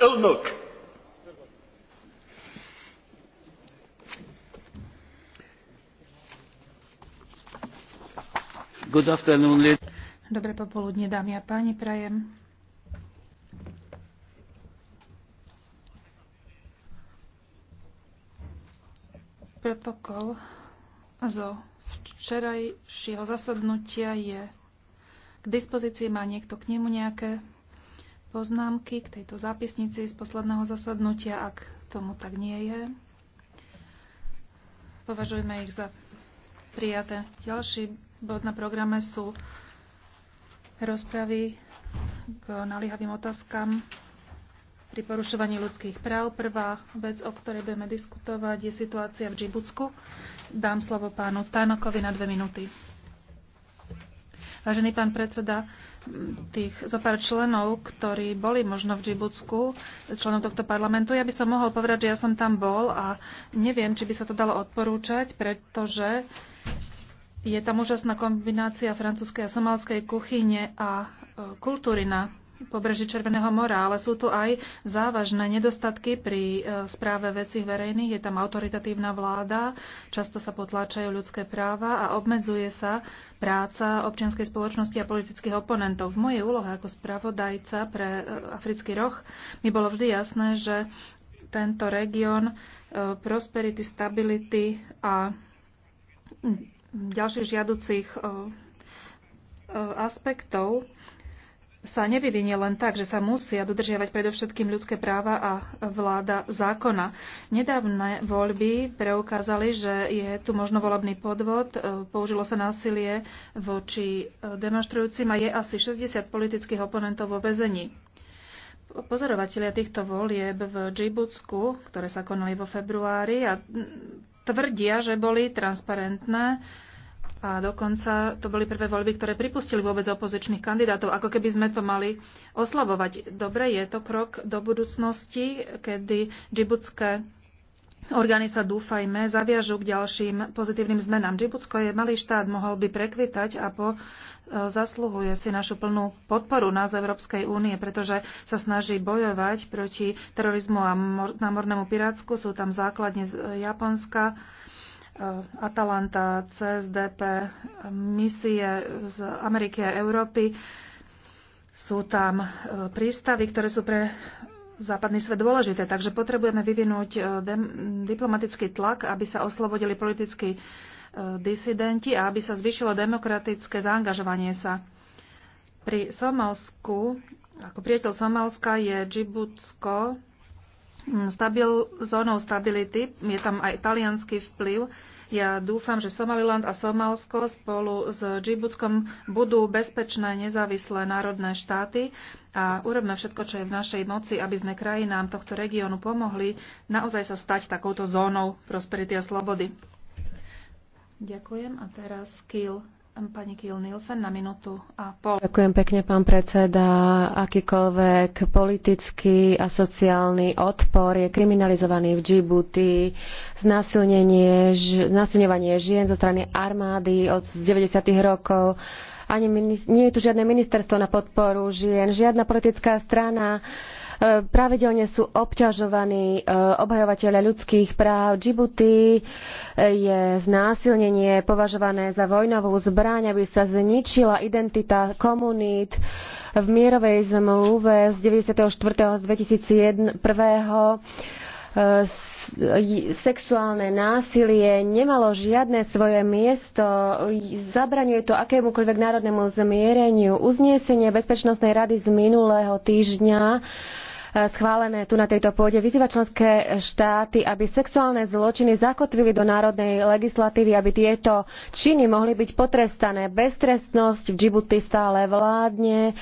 Elnök! Good afternoon, Dobré popoludne, dámy a páni, prajem. Protokol zo včerajšieho zasadnutia je k dispozícii. Má niekto k nemu nejaké poznámky k tejto zápisnici z posledného zasadnutia, ak tomu tak nie je. Považujeme ich za prijaté. Ďalší bod na programe sú rozpravy k naliehavým otázkam pri porušovaní ľudských práv. Prvá vec, o ktorej budeme diskutovať, je situácia v Džibutsku. Dám slovo pánu Tanokovi na dve minúty. Vážený pán predseda, tých zo pár členov, ktorí boli možno v Džibutsku, členov tohto parlamentu, ja by som mohol povedať, že ja som tam bol a neviem, či by sa to dalo odporúčať, pretože je tam úžasná kombinácia francúzskej a somalskej kuchyne a e, kultúry na pobreží Červeného mora, ale sú tu aj závažné nedostatky pri e, správe vecí verejných. Je tam autoritatívna vláda, často sa potláčajú ľudské práva a obmedzuje sa práca občianskej spoločnosti a politických oponentov. V mojej úlohe ako spravodajca pre e, Africký roh mi bolo vždy jasné, že tento región e, prosperity, stability a ďalších žiaducich aspektov sa nevyvinie len tak, že sa musia dodržiavať predovšetkým ľudské práva a vláda zákona. Nedávne voľby preukázali, že je tu možno volebný podvod, e, použilo sa násilie voči e, demonstrujúcim a je asi 60 politických oponentov vo väzení. Pozorovatelia týchto volieb v Džibutsku, ktoré sa konali vo februári, a tvrdia, že boli transparentné, a dokonca to boli prvé voľby, ktoré pripustili vôbec opozičných kandidátov, ako keby sme to mali oslabovať. Dobre, je to krok do budúcnosti, kedy džibutské orgány sa dúfajme zaviažu k ďalším pozitívnym zmenám. Džibutsko je malý štát, mohol by prekvitať a po, e, zasluhuje si našu plnú podporu nás Európskej únie, pretože sa snaží bojovať proti terorizmu a námornému pirátsku. Sú tam základne z e, Japonska Eh, Atalanta, CSDP, misie z Ameriky a Európy. Sú tam eh, prístavy, ktoré sú pre západný svet dôležité, takže potrebujeme vyvinúť eh, diplomatický tlak, aby sa oslobodili politickí disidenti a aby sa zvýšilo demokratické zaangažovanie sa. Pri Somalsku, ako priateľ Somalska je Džibutsko, Mm, stabil, zónou stability. Je tam aj italianský vplyv. Ja dúfam, že Somaliland a Somalsko spolu s Džibutskom budú bezpečné, nezávislé národné štáty a urobme všetko, čo je v našej moci, aby sme krajinám tohto regiónu pomohli naozaj sa stať takouto zónou prosperity a slobody. Ďakujem a teraz Kiel Pani Kiel Nielsen na minútu a pol. Ďakujem pekne, pán predseda. Akýkoľvek politický a sociálny odpor je kriminalizovaný v Džibuti. Znásilňovanie žien zo strany armády od 90. rokov ani nie je tu žiadne ministerstvo na podporu žien, žiadna politická strana E, pravidelne sú obťažovaní e, obhajovateľe ľudských práv. Džibuti e, je znásilnenie považované za vojnovú zbraň, aby sa zničila identita komunít. V mierovej zmluve z 94. z 2001 sexuálne násilie nemalo žiadne svoje miesto, zabraňuje to akémukoľvek národnému zmiereniu. Uznesenie Bezpečnostnej rady z minulého týždňa E, schválené tu na tejto pôde, vyzýva členské štáty, aby sexuálne zločiny zakotvili do národnej legislatívy, aby tieto činy mohli byť potrestané. Beztrestnosť v Džibuti stále vládne. Uh,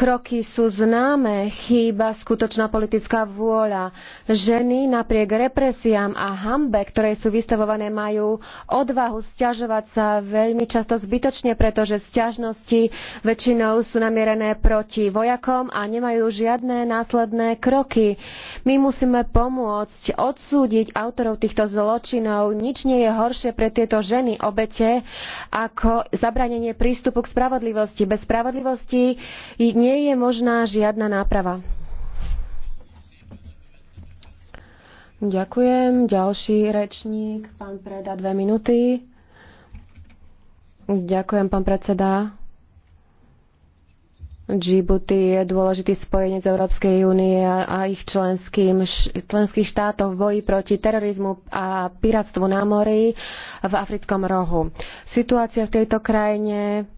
Kroky sú známe, chýba skutočná politická vôľa. Ženy napriek represiám a hambe, ktorej sú vystavované, majú odvahu sťažovať sa veľmi často zbytočne, pretože sťažnosti väčšinou sú namierené proti vojakom a nemajú žiadne následné kroky. My musíme pomôcť odsúdiť autorov týchto zločinov. Nič nie je horšie pre tieto ženy obete ako zabranenie prístupu k spravodlivosti. Bez spravodlivosti nie nie je možná žiadna náprava. Ďakujem. Ďalší rečník, pán Preda, dve minúty. Ďakujem, pán predseda. Djibouti je dôležitý spojenec Európskej únie a ich členským, členských štátov v boji proti terorizmu a piratstvu na mori v africkom rohu. Situácia v tejto krajine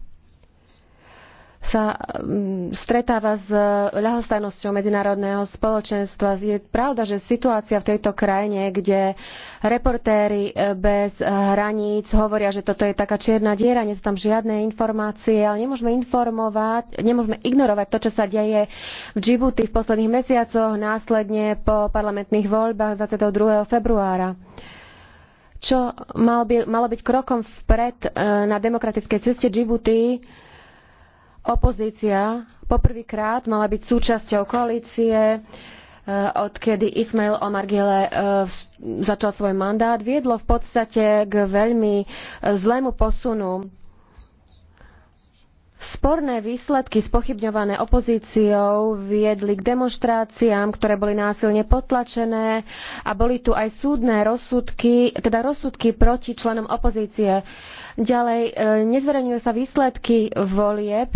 sa mm, stretáva s e, ľahostajnosťou medzinárodného spoločenstva. Je pravda, že situácia v tejto krajine, kde reportéri e, bez hraníc hovoria, že toto je taká čierna diera, nie sú tam žiadne informácie, ale nemôžeme informovať, nemôžeme ignorovať to, čo sa deje v Džibuti v posledných mesiacoch, následne po parlamentných voľbách 22. februára čo mal by, malo byť krokom vpred e, na demokratickej ceste Džibuti, opozícia poprvýkrát mala byť súčasťou koalície, eh, odkedy Ismail Omar guelleh začal svoj mandát, viedlo v podstate k veľmi eh, zlému posunu. Sporné výsledky spochybňované opozíciou viedli k demonštráciám, ktoré boli násilne potlačené a boli tu aj súdne rozsudky, teda rozsudky proti členom opozície. Ďalej, eh, nezverejňujú sa výsledky volieb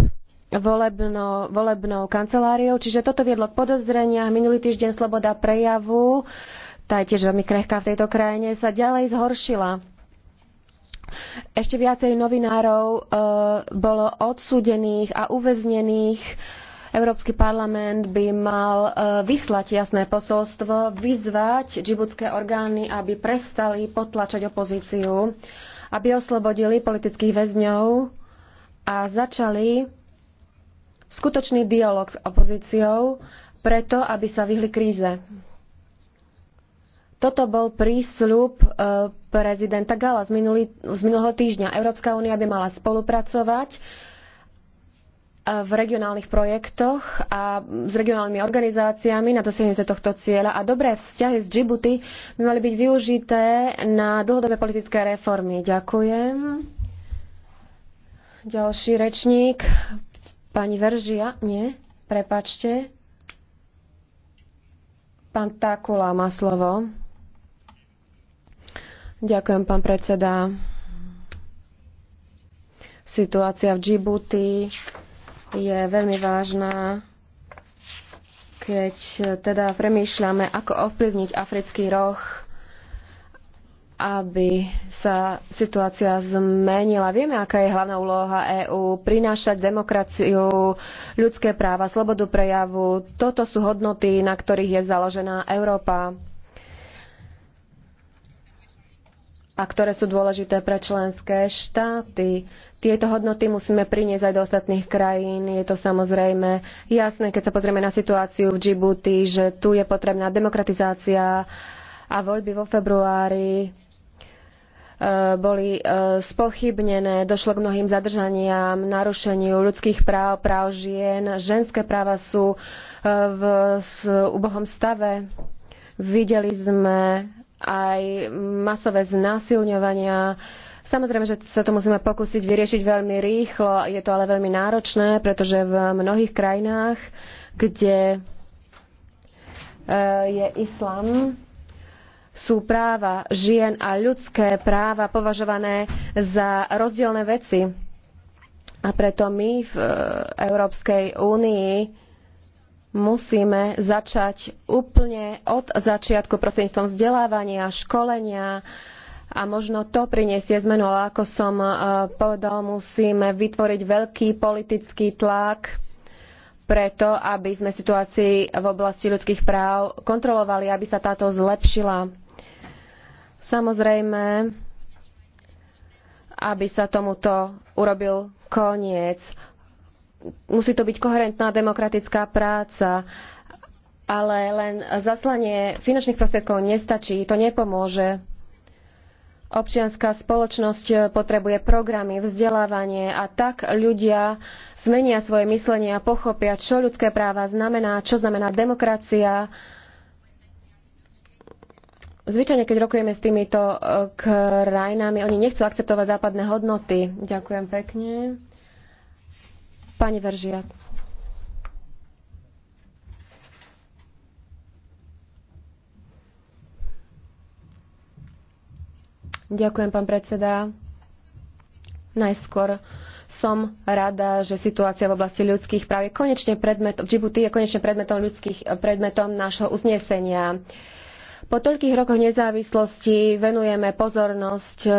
volebno, volebnou kanceláriou. Čiže toto viedlo k podozreniach. Minulý týždeň sloboda prejavu, tá je tiež veľmi krehká v tejto krajine, sa ďalej zhoršila. Ešte viacej novinárov e, bolo odsúdených a uväznených. Európsky parlament by mal e, vyslať jasné posolstvo, vyzvať džibutské orgány, aby prestali potlačať opozíciu, aby oslobodili politických väzňov a začali skutočný dialog s opozíciou preto, aby sa vyhli kríze. Toto bol prísľub e, prezidenta Gala z, minulý, z minulého týždňa. Európska únia by mala spolupracovať e, v regionálnych projektoch a s regionálnymi organizáciami na dosiahnutie tohto cieľa a dobré vzťahy z Džibuty by mali byť využité na dlhodobé politické reformy. Ďakujem. Ďalší rečník, Pani Veržia, nie, prepačte. Pán Takula má slovo. Ďakujem, pán predseda. Situácia v Džibuti je veľmi vážna, keď teda premýšľame, ako ovplyvniť africký roh aby sa situácia zmenila. Vieme, aká je hlavná úloha EÚ prinášať demokraciu, ľudské práva, slobodu prejavu. Toto sú hodnoty, na ktorých je založená Európa a ktoré sú dôležité pre členské štáty. Tieto hodnoty musíme priniesť aj do ostatných krajín. Je to samozrejme jasné, keď sa pozrieme na situáciu v Džibuti, že tu je potrebná demokratizácia a voľby vo februári Eh, boli eh, spochybnené, došlo k mnohým zadržaniam, narušeniu ľudských práv, práv žien. Ženské práva sú eh, v ubohom stave. Videli sme aj masové znásilňovania. Samozrejme, že sa to musíme pokúsiť vyriešiť veľmi rýchlo. Je to ale veľmi náročné, pretože v mnohých krajinách, kde je islám, sú práva žien a ľudské práva považované za rozdielne veci. A preto my v e, Európskej únii musíme začať úplne od začiatku prostredníctvom vzdelávania, školenia a možno to priniesie zmenu. Ale ako som e, povedal, musíme vytvoriť veľký politický tlak preto, aby sme situácii v oblasti ľudských práv kontrolovali, aby sa táto zlepšila. Samozrejme, aby sa tomuto urobil koniec. Musí to byť koherentná demokratická práca, ale len zaslanie finančných prostriedkov nestačí, to nepomôže. Občianská spoločnosť potrebuje programy, vzdelávanie a tak ľudia zmenia svoje myslenie a pochopia, čo ľudské práva znamená, čo znamená demokracia, Zvyčajne, keď rokujeme s týmito eh, krajinami, oni nechcú akceptovať západné hodnoty. Ďakujem pekne. Pani Veržiat. Ďakujem, pán predseda. Najskôr som rada, že situácia v oblasti ľudských práv je konečne predmetom, v Džibuti je konečne predmetom ľudských predmetom nášho uznesenia. Uh, po toľkých rokoch nezávislosti venujeme pozornosť e,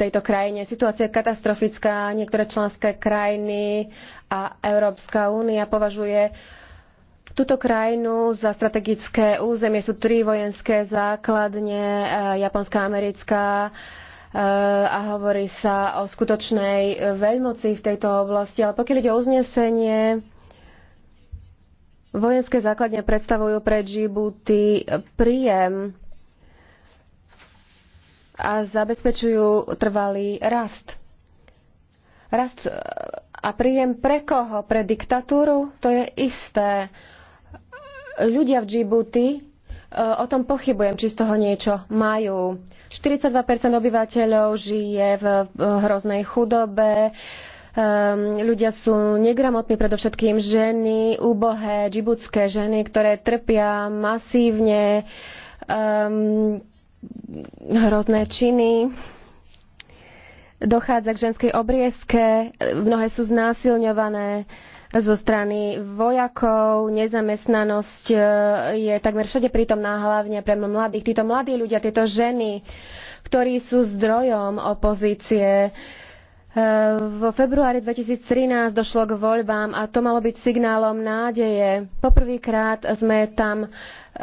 tejto krajine. Situácia je katastrofická, niektoré členské krajiny a Európska únia považuje túto krajinu za strategické územie. Sú tri vojenské základne, e, japonská, americká e, a hovorí sa o skutočnej veľmoci v tejto oblasti. Ale pokiaľ ide o uznesenie, Vojenské základne predstavujú pre Džibuty príjem a zabezpečujú trvalý rast. Rast e, a príjem pre koho? Pre diktatúru? To je isté. Ľudia v Džibuty, e, o tom pochybujem, či z toho niečo majú. 42% obyvateľov žije v hroznej chudobe, Ehm, ľudia sú negramotní, predovšetkým ženy, úbohé, džibutské ženy, ktoré trpia masívne um, hrozné činy. Dochádza k ženskej obriezke, mnohé sú znásilňované zo strany vojakov, nezamestnanosť e, je takmer všade prítomná, hlavne pre mladých. Títo mladí ľudia, tieto ženy, ktorí sú zdrojom opozície, Eh, vo februári 2013 došlo k voľbám a to malo byť signálom nádeje. Poprvýkrát sme tam eh,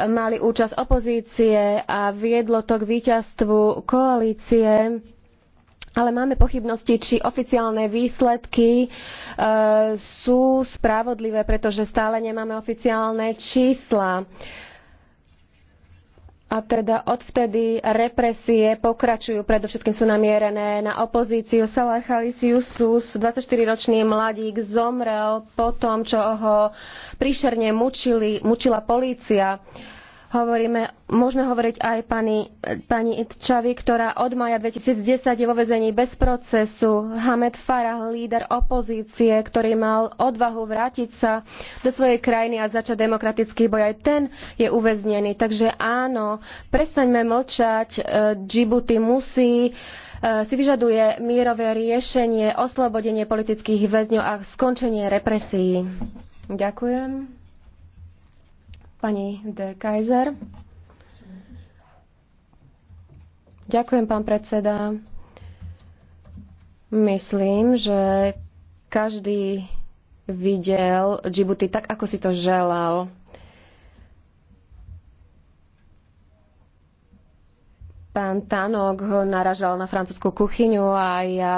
mali účasť opozície a viedlo to k víťazstvu koalície. Ale máme pochybnosti, či oficiálne výsledky e, sú spravodlivé, pretože stále nemáme oficiálne čísla. E, a teda odvtedy represie pokračujú, predovšetkým sú namierené na opozíciu. Salah Halis Jusus, 24-ročný mladík, zomrel po tom, čo ho príšerne mučili, mučila polícia. Uh, hovoríme, môžeme hovoriť aj pani, pani Itčavi, ktorá od maja 2010 je vo vezení bez procesu. Hamed Farah, líder opozície, ktorý mal odvahu vrátiť sa do svojej krajiny a začať demokratický boj, aj ten je uväznený. Takže áno, prestaňme mlčať, e, Djibouti musí e, si vyžaduje mírové riešenie, oslobodenie politických väzňov a skončenie represií. Ďakujem. Pani de Kaiser. Ďakujem, pán predseda. Myslím, že každý videl Džibuti tak, ako si to želal. Pán Tanok ho naražal na francúzskú kuchyňu a ja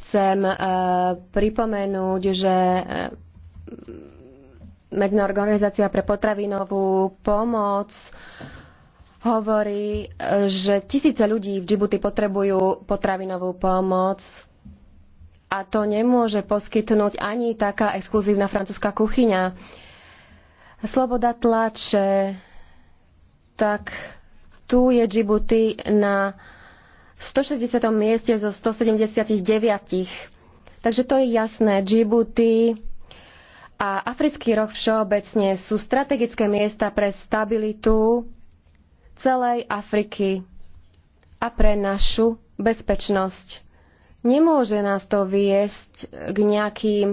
chcem eh, pripomenúť, že eh, Medzinárodná organizácia pre potravinovú pomoc hovorí, že tisíce ľudí v Džibuti potrebujú potravinovú pomoc a to nemôže poskytnúť ani taká exkluzívna francúzska kuchyňa. Sloboda tlače, tak tu je Džibuti na 160. mieste zo 179. Takže to je jasné. Džibuti a Africký roh všeobecne sú strategické miesta pre stabilitu celej Afriky a pre našu bezpečnosť. Nemôže nás to viesť k nejakým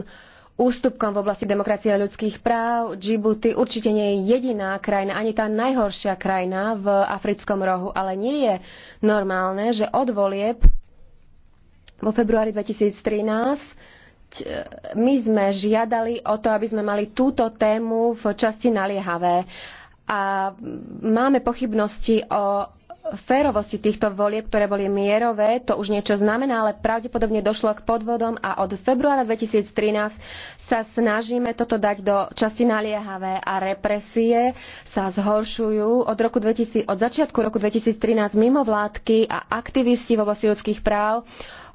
ústupkom v oblasti demokracie a ľudských práv. Djibouti určite nie je jediná krajina, ani tá najhoršia krajina v africkom rohu, ale nie je normálne, že od volieb vo februári 2013 E, my sme žiadali o to, aby sme mali túto tému v časti naliehavé. A máme pochybnosti o férovosti týchto volieb, ktoré boli mierové, to už niečo znamená, ale pravdepodobne došlo k podvodom a od februára 2013 sa snažíme toto dať do časti naliehavé a represie sa zhoršujú. Od, roku 2000, od začiatku roku 2013 mimovládky a aktivisti v oblasti ľudských práv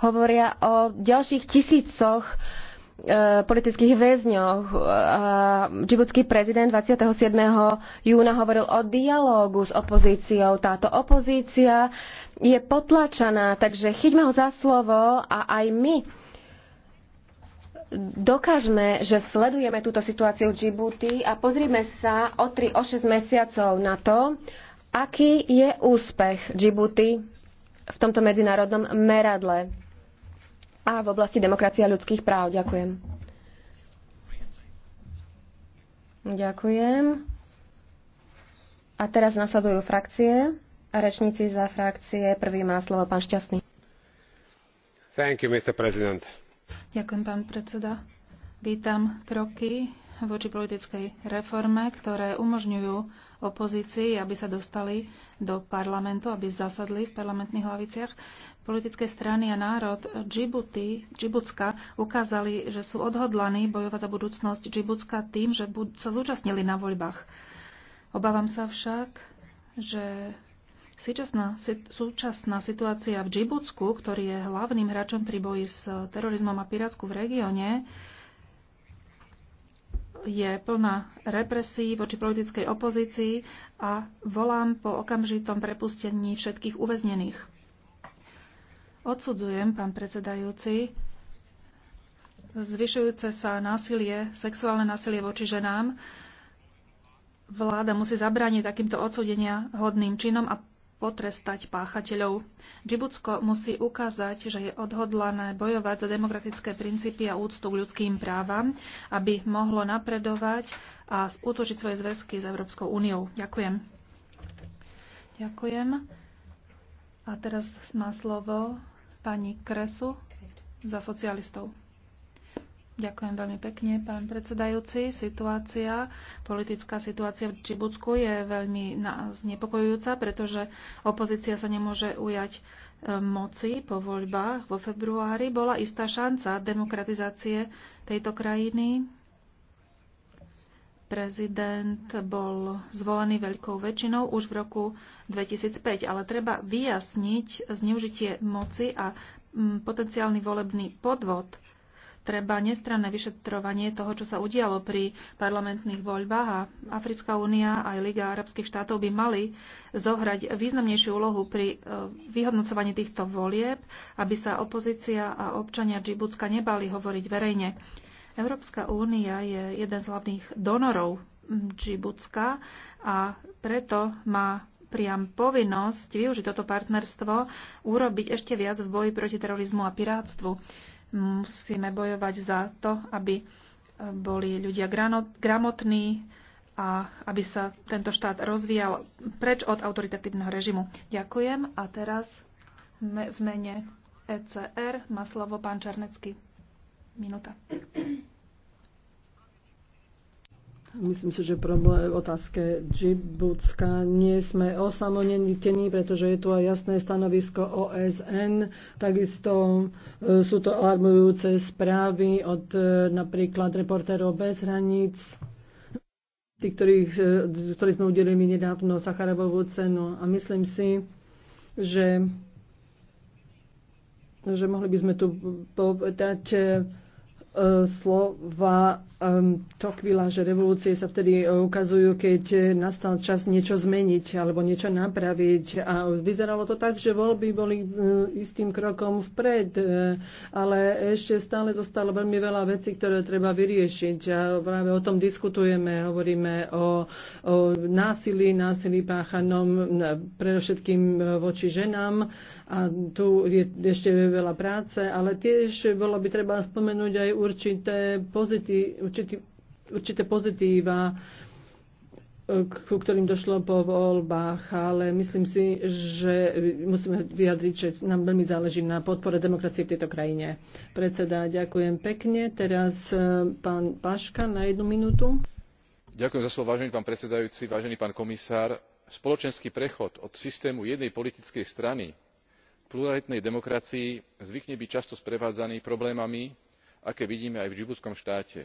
hovoria o ďalších tisícoch e, politických väzňoch. E, džibutský prezident 27. júna hovoril o dialógu s opozíciou. Táto opozícia je potlačaná, takže chyťme ho za slovo a aj my dokážme, že sledujeme túto situáciu v Džibuti a pozrime sa o 3, o 6 mesiacov na to, aký je úspech Džibuti v tomto medzinárodnom meradle a v oblasti demokracie a ľudských práv. Ďakujem. Ďakujem. A teraz nasledujú frakcie. A rečníci za frakcie. Prvý má slovo pán Šťastný. Thank you, Mr. President. Ďakujem, pán predseda. Vítam kroky voči politickej reforme, ktoré umožňujú opozícii, aby sa dostali do parlamentu, aby zasadli v parlamentných hlaviciach. Politické strany a národ Džibuty, Džibutska ukázali, že sú odhodlaní bojovať za budúcnosť Džibutska tým, že sa zúčastnili na voľbách. Obávam sa však, že Súčasná, súčasná situácia v Džibutsku, ktorý je hlavným hráčom pri boji s terorizmom a Pirátsku v regióne, je plná represí voči politickej opozícii a volám po okamžitom prepustení všetkých uväznených. Odsudzujem, pán predsedajúci, zvyšujúce sa násilie, sexuálne násilie voči ženám. Vláda musí zabrániť takýmto odsudenia hodným činom a potrestať páchateľov. Džibutsko musí ukázať, že je odhodlané bojovať za demokratické princípy a úctu k ľudským právam, aby mohlo napredovať a utožiť svoje zväzky s Európskou úniou. Ďakujem. Ďakujem. A teraz má slovo pani Kresu za socialistov. Ďakujem veľmi pekne, pán predsedajúci. Situácia, politická situácia v Čibucku je veľmi znepokojujúca, pretože opozícia sa nemôže ujať e, moci po voľbách vo februári. Bola istá šanca demokratizácie tejto krajiny. Prezident bol zvolený veľkou väčšinou už v roku 2005, ale treba vyjasniť zneužitie moci a potenciálny volebný podvod – treba nestranné vyšetrovanie toho, čo sa udialo pri parlamentných voľbách a Africká únia aj Liga arabských štátov by mali zohrať významnejšiu úlohu pri e, vyhodnocovaní týchto volieb, aby sa opozícia a občania Džibutska nebali hovoriť verejne. Európska únia je jeden z hlavných donorov Džibutska a preto má priam povinnosť využiť toto partnerstvo, urobiť ešte viac v boji proti terorizmu a pirátstvu. Musíme bojovať za to, aby eh, boli ľudia gramotní a aby sa tento štát rozvíjal preč od autoritatívneho režimu. Ďakujem a teraz v mene ECR má slovo pán Čarnecký. Minúta. Myslím si, že problém otázke Džibutska nie sme osamonení, pretože je tu aj jasné stanovisko OSN. Takisto e, sú to alarmujúce správy od e, napríklad reportérov bez hraníc, tí, ktorých, e, ktorí sme udelili nedávno Sacharovovú cenu. A myslím si, že, že mohli by sme tu povedať slova um, chvíľa, že revolúcie sa vtedy e, ukazujú, keď e, nastal čas niečo zmeniť alebo niečo napraviť. A vyzeralo to tak, že voľby boli e, istým krokom vpred, ale ešte stále zostalo veľmi veľa vecí, ktoré treba vyriešiť. A práve o tom diskutujeme, hovoríme o, o násilí, násilí páchanom predovšetkým voči ženám. A tu je ešte veľa práce, ale tiež bolo by treba spomenúť aj určité pozitívne určitý, určité pozitíva, e, ku ktorým došlo po voľbách, ale myslím si, že musíme vyjadriť, že nám veľmi záleží na podpore demokracie v tejto krajine. Predseda, ďakujem pekne. Teraz e, pán Paška na jednu minútu. Ďakujem za slovo, vážený pán predsedajúci, vážený pán komisár. Spoločenský prechod od systému jednej politickej strany k pluralitnej demokracii zvykne byť často sprevádzaný problémami, aké vidíme aj v džibutskom štáte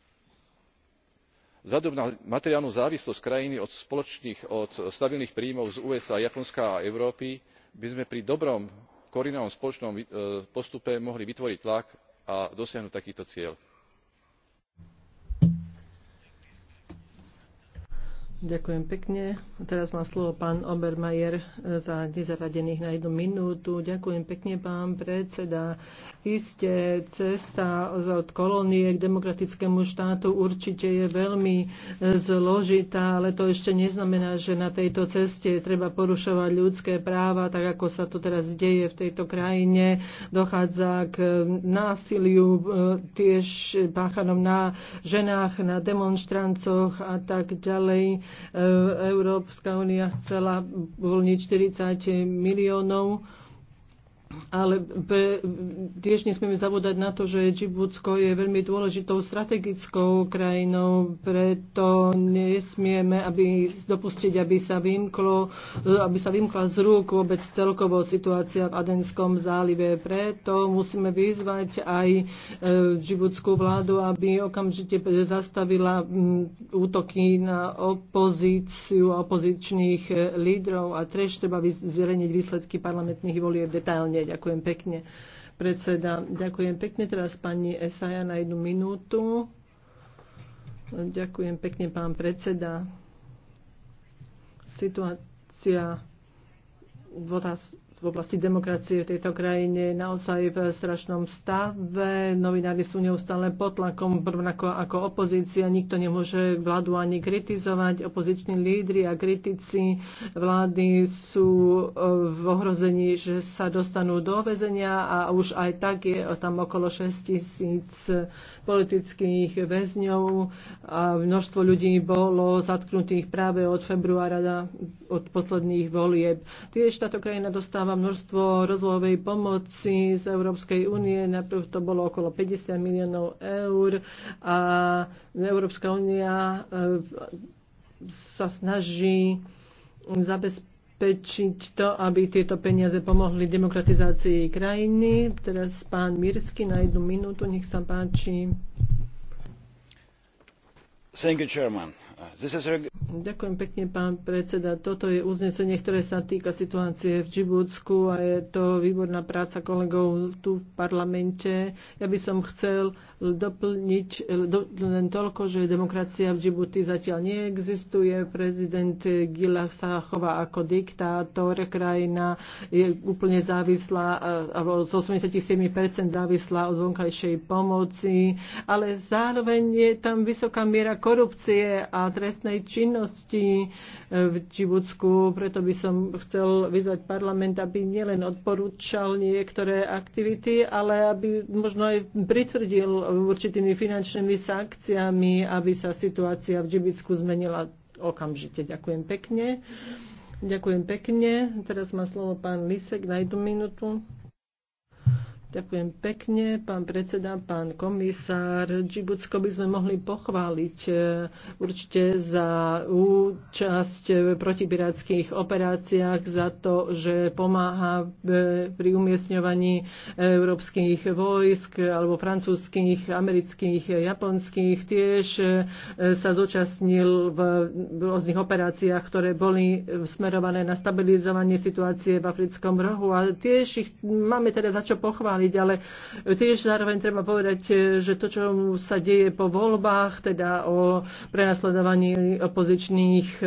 vzhľadom na materiálnu závislosť krajiny od stabilných príjmov z usa japonska a európy by sme pri dobrom koordinovanom spoločnom e, postupe mohli vytvoriť tlak a dosiahnuť takýto cieľ. Ďakujem pekne. Teraz má slovo pán Obermajer e, za nezaradených na jednu minútu. Ďakujem pekne, pán predseda. Isté cesta od kolónie k demokratickému štátu určite je veľmi e, zložitá, ale to ešte neznamená, že na tejto ceste treba porušovať ľudské práva, tak ako sa to teraz deje v tejto krajine. Dochádza k e, násiliu tiež páchanom na ženách, na demonstrancoch a tak ďalej Európska únia chcela uvoľniť 40 miliónov ale pre, tiež nesmieme zabúdať na to, že Džibutsko je veľmi dôležitou strategickou krajinou, preto nesmieme aby, dopustiť, aby sa, vymklo, aby sa vymkla z rúk vôbec celkovo situácia v Adenskom zálive. Preto musíme vyzvať aj e, džibutskú vládu, aby okamžite zastavila útoky na opozíciu a opozičných e, lídrov a trež treba zverejniť výsledky parlamentných volieb detailne. Ja Ďakujem pekne, predseda. Ďakujem pekne teraz pani Esaja na jednu minútu. Ďakujem pekne, pán predseda. Situácia v v oblasti demokracie v tejto krajine je naozaj v strašnom stave. Novinári sú neustále pod tlakom, rovnako ako opozícia. Nikto nemôže vládu ani kritizovať. Opoziční lídry a kritici vlády sú e, v ohrození, že sa dostanú do väzenia a už aj tak je tam okolo 6 tisíc politických väzňov a množstvo ľudí bolo zatknutých práve od februára od posledných volieb. Tiež táto krajina dostáva dostáva množstvo rozvojovej pomoci z Európskej únie. Najprv to bolo okolo 50 miliónov eur a Európska únia e, sa snaží zabezpečiť zabezpečiť to, aby tieto peniaze pomohli demokratizácii krajiny. Teraz pán Mirsky na jednu minútu, nech sa páči. Thank you, Chairman. Ďakujem pekne, pán predseda. Toto je uznesenie, ktoré sa týka situácie v Džibutsku a je to výborná práca kolegov tu v parlamente. Ja by som chcel doplniť do, len toľko, že demokracia v Džibuti zatiaľ neexistuje. Prezident Gila sa chová ako diktátor. Krajina je úplne závislá, e, alebo z 87% závislá od vonkajšej pomoci, ale zároveň je tam vysoká miera korupcie a trestnej činnosti e, v Čibucku. Preto by som chcel vyzvať parlament, aby nielen odporúčal niektoré aktivity, ale aby možno aj pritvrdil určitými finančnými sankciami, aby sa situácia v Čibucku zmenila okamžite. Ďakujem pekne. Ďakujem pekne. Teraz má slovo pán Lisek na jednu minútu. Ďakujem pekne, pán predseda, pán komisár. Džibutsko by sme mohli pochváliť e, určite za účasť v protipirátskych operáciách, za to, že pomáha e, pri umiestňovaní európskych vojsk alebo francúzských, amerických, japonských. Tiež e, sa zúčastnil v rôznych operáciách, ktoré boli smerované na stabilizovanie situácie v africkom rohu. A tiež ich máme teda za čo pochváliť chváliť, ale tiež zároveň treba povedať, e, že to, čo sa deje po voľbách, teda o prenasledovaní opozičných e,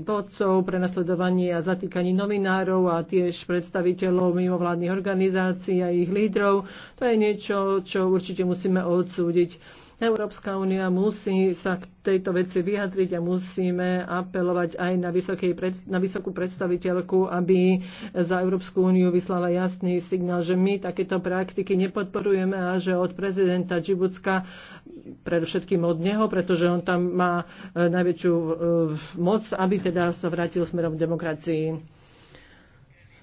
vodcov, prenasledovaní a zatýkaní novinárov a tiež predstaviteľov mimovládnych organizácií a ich lídrov, to je niečo, čo určite musíme odsúdiť Európska únia musí sa k tejto veci vyjadriť a musíme apelovať aj na, vysokej, na vysokú predstaviteľku, aby za Európsku úniu vyslala jasný signál, že my takéto praktiky nepodporujeme a že od prezidenta Džibucka, predovšetkým od neho, pretože on tam má e, najväčšiu e, moc, aby teda sa vrátil smerom k demokracii.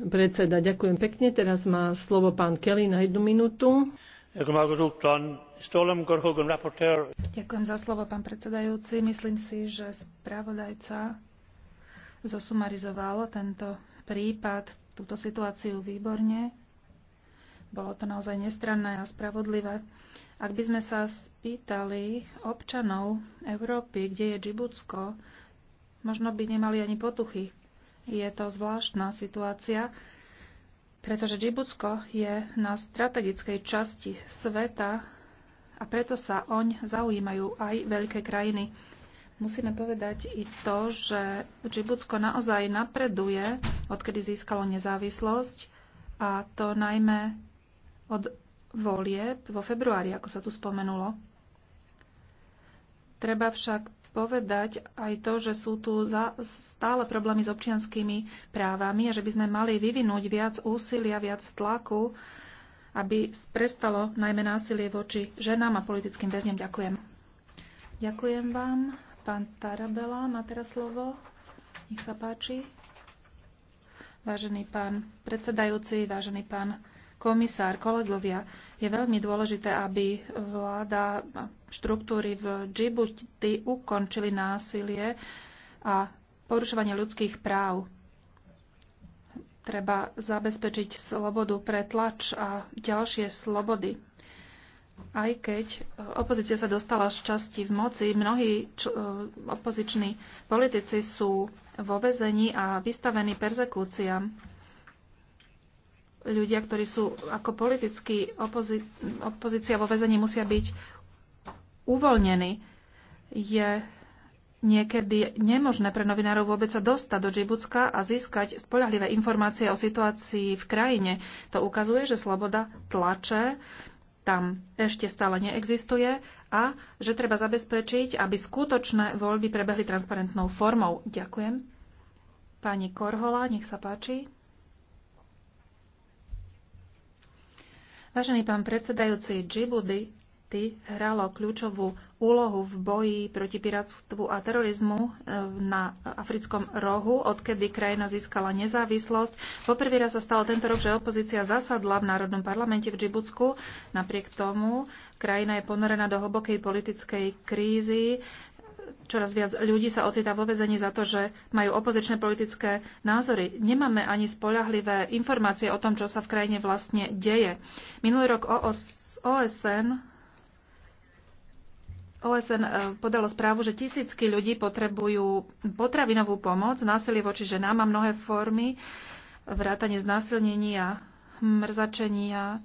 Predseda, ďakujem pekne. Teraz má slovo pán Kelly na jednu minútu. Ďakujem za slovo, pán predsedajúci. Myslím si, že spravodajca zosumarizoval tento prípad, túto situáciu výborne. Bolo to naozaj nestranné a spravodlivé. Ak by sme sa spýtali občanov Európy, kde je Džibutsko, možno by nemali ani potuchy. Je to zvláštna situácia pretože Džibutsko je na strategickej časti sveta a preto sa oň zaujímajú aj veľké krajiny. Musíme povedať i to, že Džibutsko naozaj napreduje, odkedy získalo nezávislosť a to najmä od volieb vo februári, ako sa tu spomenulo. Treba však povedať aj to, že sú tu za, stále problémy s občianskými právami a že by sme mali vyvinúť viac úsilia, viac tlaku, aby prestalo najmä násilie voči ženám a politickým väzňom. Ďakujem. Ďakujem vám. Pán Tarabela má teraz slovo. Nech sa páči. Vážený pán predsedajúci, vážený pán komisár, kolegovia, je veľmi dôležité, aby vláda štruktúry v Džibuti ukončili násilie a porušovanie ľudských práv. Treba zabezpečiť slobodu pre tlač a ďalšie slobody. Aj keď opozícia sa dostala z časti v moci, mnohí e, opoziční politici sú vo vezení a vystavení perzekúciám ľudia, ktorí sú ako politickí opozi- opozícia vo väzení, musia byť uvoľnení. Je niekedy nemožné pre novinárov vôbec sa dostať do Džibucka a získať spolahlivé informácie o situácii v krajine. To ukazuje, že sloboda tlače tam ešte stále neexistuje a že treba zabezpečiť, aby skutočné voľby prebehli transparentnou formou. Ďakujem. Pani Korhola, nech sa páči. Vážený pán predsedajúci, Djibouti ty hralo kľúčovú úlohu v boji proti piráctvu a terorizmu eh, na africkom rohu, odkedy krajina získala nezávislosť. Poprvý raz sa stalo tento rok, že opozícia zasadla v Národnom parlamente v Džibutsku. Napriek tomu krajina je ponorená do hlbokej politickej krízy čoraz viac ľudí sa ocitá vo vezení za to, že majú opozičné politické názory. Nemáme ani spolahlivé informácie o tom, čo sa v krajine vlastne deje. Minulý rok OSN, OSN e, podalo správu, že tisícky ľudí potrebujú potravinovú pomoc, násilie voči ženám a mnohé formy vrátanie znásilnenia, mrzačenia,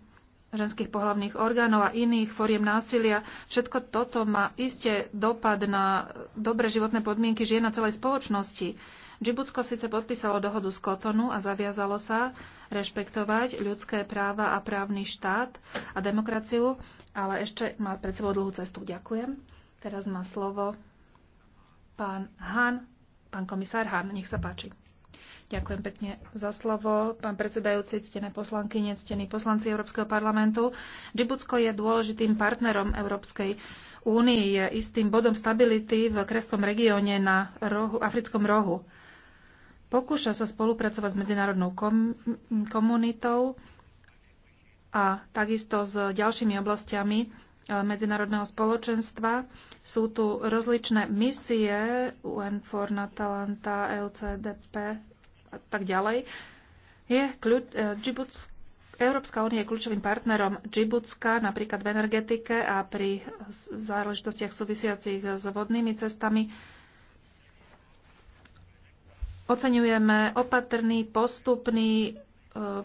ženských pohľavných orgánov a iných foriem násilia. Všetko toto má iste dopad na dobre životné podmienky žien na celej spoločnosti. Džibutsko síce podpísalo dohodu z Kotonu a zaviazalo sa rešpektovať ľudské práva a právny štát a demokraciu, ale ešte má pred sebou dlhú cestu. Ďakujem. Teraz má slovo pán Han, pán komisár Han. Nech sa páči. Ďakujem pekne za slovo. Pán predsedajúci, ctené poslankyne, ctení poslanci Európskeho parlamentu. Džibutsko je dôležitým partnerom Európskej únie je istým bodom stability v krehkom regióne na rohu, africkom rohu. Pokúša sa spolupracovať s medzinárodnou kom- komunitou a takisto s ďalšími oblastiami eh, medzinárodného spoločenstva. Sú tu rozličné misie UN for Natalanta, LCDP. E tak ďalej, je e, Džibuts, Európska únia je kľúčovým partnerom Džibutska napríklad v energetike a pri záležitostiach súvisiacich s vodnými cestami. Oceňujeme opatrný, postupný e,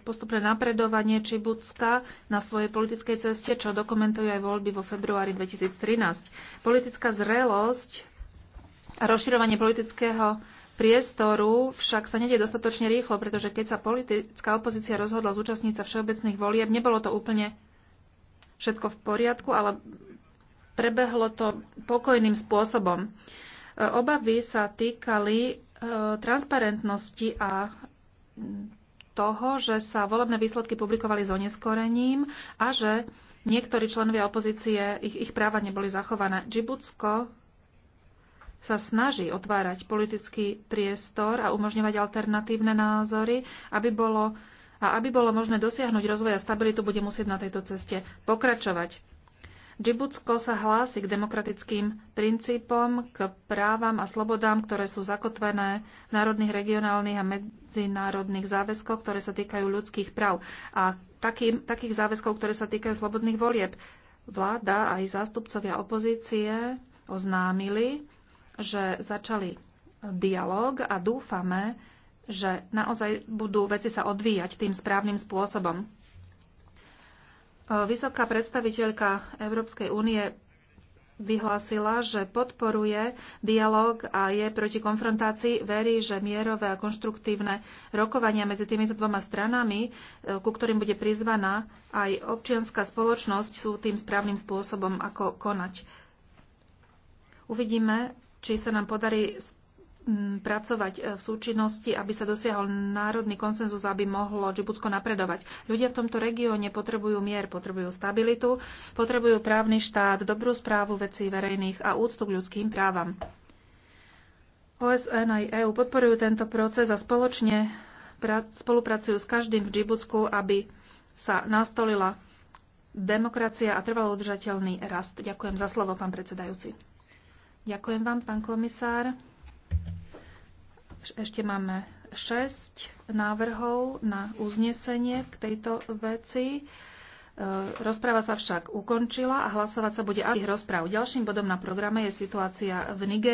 postupné napredovanie Čibutska na svojej politickej ceste, čo dokumentujú aj voľby vo februári 2013. Politická zrelosť a rozširovanie politického priestoru však sa nedie dostatočne rýchlo, pretože keď sa politická opozícia rozhodla zúčastniť sa všeobecných volieb, nebolo to úplne všetko v poriadku, ale prebehlo to pokojným spôsobom. E, obavy sa týkali e, transparentnosti a toho, že sa volebné výsledky publikovali s oneskorením a že niektorí členovia opozície, ich, ich práva neboli zachované. Džibutsko sa snaží otvárať politický priestor a umožňovať alternatívne názory, aby bolo, a aby bolo možné dosiahnuť rozvoj a stabilitu, bude musieť na tejto ceste pokračovať. Džibutsko sa hlási k demokratickým princípom, k právam a slobodám, ktoré sú zakotvené v národných, regionálnych a medzinárodných záväzkoch, ktoré sa týkajú ľudských práv a taký, takých záväzkov, ktoré sa týkajú slobodných volieb. Vláda aj zástupcovia opozície oznámili, že začali dialog a dúfame, že naozaj budú veci sa odvíjať tým správnym spôsobom. Vysoká predstaviteľka Európskej únie vyhlásila, že podporuje dialog a je proti konfrontácii, verí, že mierové a konštruktívne rokovania medzi týmito dvoma stranami, e, ku ktorým bude prizvaná aj občianská spoločnosť, sú tým správnym spôsobom, ako konať. Uvidíme, či sa nám podarí pracovať e, v súčinnosti, aby sa dosiahol národný konsenzus, aby mohlo Džibutsko napredovať. Ľudia v tomto regióne potrebujú mier, potrebujú stabilitu, potrebujú právny štát, dobrú správu vecí verejných a úctu k ľudským právam. OSN aj EU podporujú tento proces a spoločne spolupracujú s každým v Džibutsku, aby sa nastolila demokracia a trvalo udržateľný rast. Ďakujem za slovo, pán predsedajúci. Ďakujem vám, pán komisár. Ešte máme 6 návrhov na uznesenie k tejto veci. E, rozpráva sa však ukončila a hlasovať sa bude aj rozpráv. Ďalším bodom na programe je situácia v Nigerii.